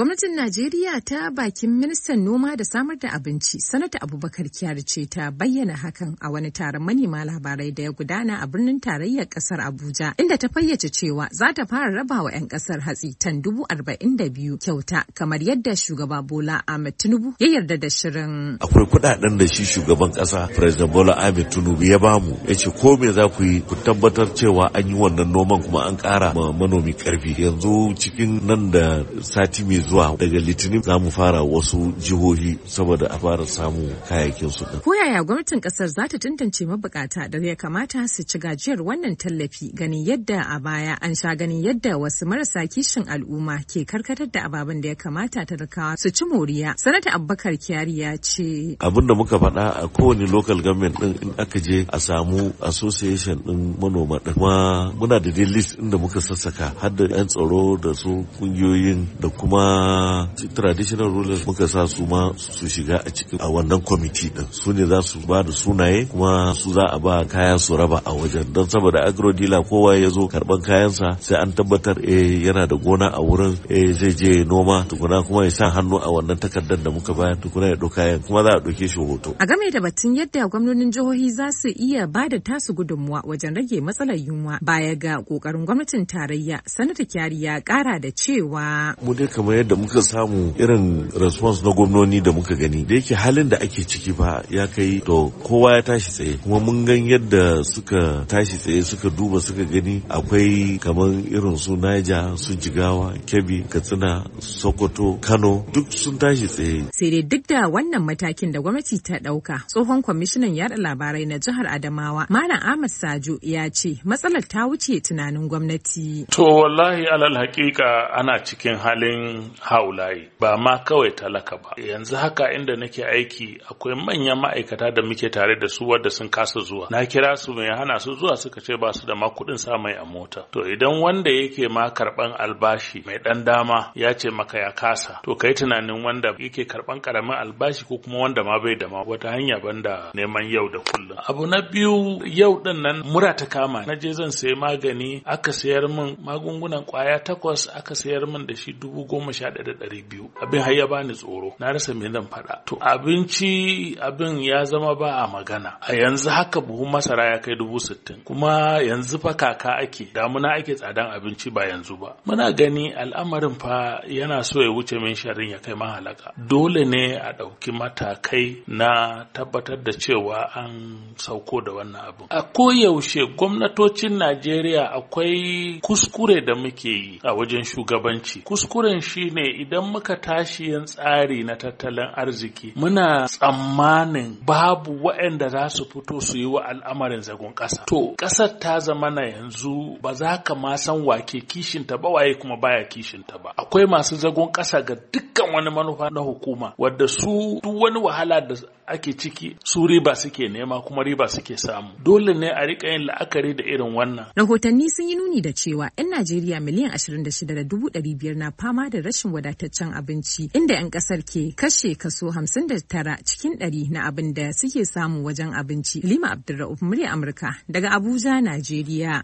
Gwamnatin Najeriya ta bakin ministan noma da samar da abinci sanata Abubakar Kiyar ce ta bayyana hakan a wani taron manema labarai da ya gudana a birnin tarayyar kasar Abuja inda ta fayyace cewa za ta fara raba wa 'yan kasar hatsi tan dubu arba'in da biyu kyauta kamar yadda shugaba Bola Ahmed Tinubu ya yarda da shirin. Akwai kuɗaɗen da shi shugaban ƙasa President Bola Ahmed Tinubu ya bamu ya ce ko me za ku yi ku tabbatar cewa an yi wannan noman kuma an ƙara ma manomi ƙarfi yanzu cikin nan da sati mai zuwa daga litinin za mu fara wasu jihohi saboda a fara samu kayayyakin su ko yaya gwamnatin kasar za ta tantance mabukata da ya kamata su ci gajiyar wannan tallafi ganin yadda a baya an sha ganin yadda wasu marasa kishin al'umma ke karkatar da ababen da ya kamata talakawa su ci moriya sanata abubakar kyari ya ce abin da muka faɗa a kowane local government din in aka je a samu association din manoma din kuma muna da dai list din da muka sassaka har da yan tsaro da su kungiyoyin da kuma a traditional rulers muka sa su ma su shiga a cikin a wannan kwamiti din su ne za su ba da sunaye kuma su za a ba kaya su raba a wajen don saboda agro dealer kowa ya zo karban kayansa sai an tabbatar eh yana da gona a wurin eh zai je noma tukuna kuma ya sa hannu a wannan takardar da muka bayar tukuna ya ɗauka kayan kuma za a ɗauke shi hoto. A game da batun yadda gwamnonin jihohi za su iya ba da tasu gudunmuwa wajen rage matsalar yunwa baya ga ƙoƙarin gwamnatin tarayya sanata kyari ya ƙara da cewa. Mu dai kamar yadda muka samu irin response na gwamnoni da muka gani da yake halin da ake ciki ba ya kai to kowa ya tashi tsaye kuma mun gan yadda suka tashi tsaye suka duba suka gani akwai kamar irin su naija su Jigawa Kebbi Katsina Sokoto Kano duk sun tashi tsaye sai dai duk da wannan matakin da gwamnati ta dauka tsohon kwamishinan yada labarai na jihar Adamawa Malam Ahmad Sajo ya ce matsalar ta wuce tunanin gwamnati to wallahi alal hakika ana cikin halin haulayi ba ma kawai talaka ba yanzu haka inda nake aiki akwai manyan ma'aikata da muke tare da su wadda sun kasa zuwa na kira su mai hana su zuwa suka ce ba su da ma kuɗin sa mai a mota to idan wanda yake ma karɓan albashi mai ɗan dama ya ce maka ya kasa to kai tunanin wanda yake karban ƙaramin albashi ko kuma wanda ma bai da ma wata hanya banda neman yau da kullum abu na biyu yau ɗin nan mura ta kama na je zan sayi magani aka sayar min magungunan kwaya takwas aka sayar min da shi dubu goma sha da ɗari biyu abin har ya bani tsoro na rasa me zan faɗa to abinci abin ya zama ba a magana a yanzu haka buhun masara ya kai dubu sittin kuma yanzu fa kaka ake damuna ake tsadan abinci ba yanzu ba muna gani al'amarin fa yana so ya wuce min sharin ya kai mahalaka dole ne a ɗauki matakai na tabbatar da cewa an sauko da wannan abin a koyaushe gwamnatocin najeriya akwai kuskure da muke yi a wajen shugabanci kuskuren shi shine idan muka tashi yin tsari na tattalin arziki muna tsammanin babu waɗanda za su fito su yi wa al'amarin zagon ƙasa to ƙasar ta zama na yanzu ba za ka ma san wake kishinta ba waye kuma baya kishinta ba akwai masu zagon ƙasa ga dukkan wani manufa na hukuma wadda su duk wani wahala da ake ciki su riba suke nema kuma riba suke samu dole ne a riƙa yin la'akari da irin wannan rahotanni sun yi nuni da cewa 'yan najeriya miliyan 26,500 na fama da rashin rashin wadataccen abinci inda 'yan kasar ke kashe kaso 59 cikin 100 na abin da suke samu wajen abinci. Lima Abdulra'uf murya Amurka daga Abuja, Najeriya.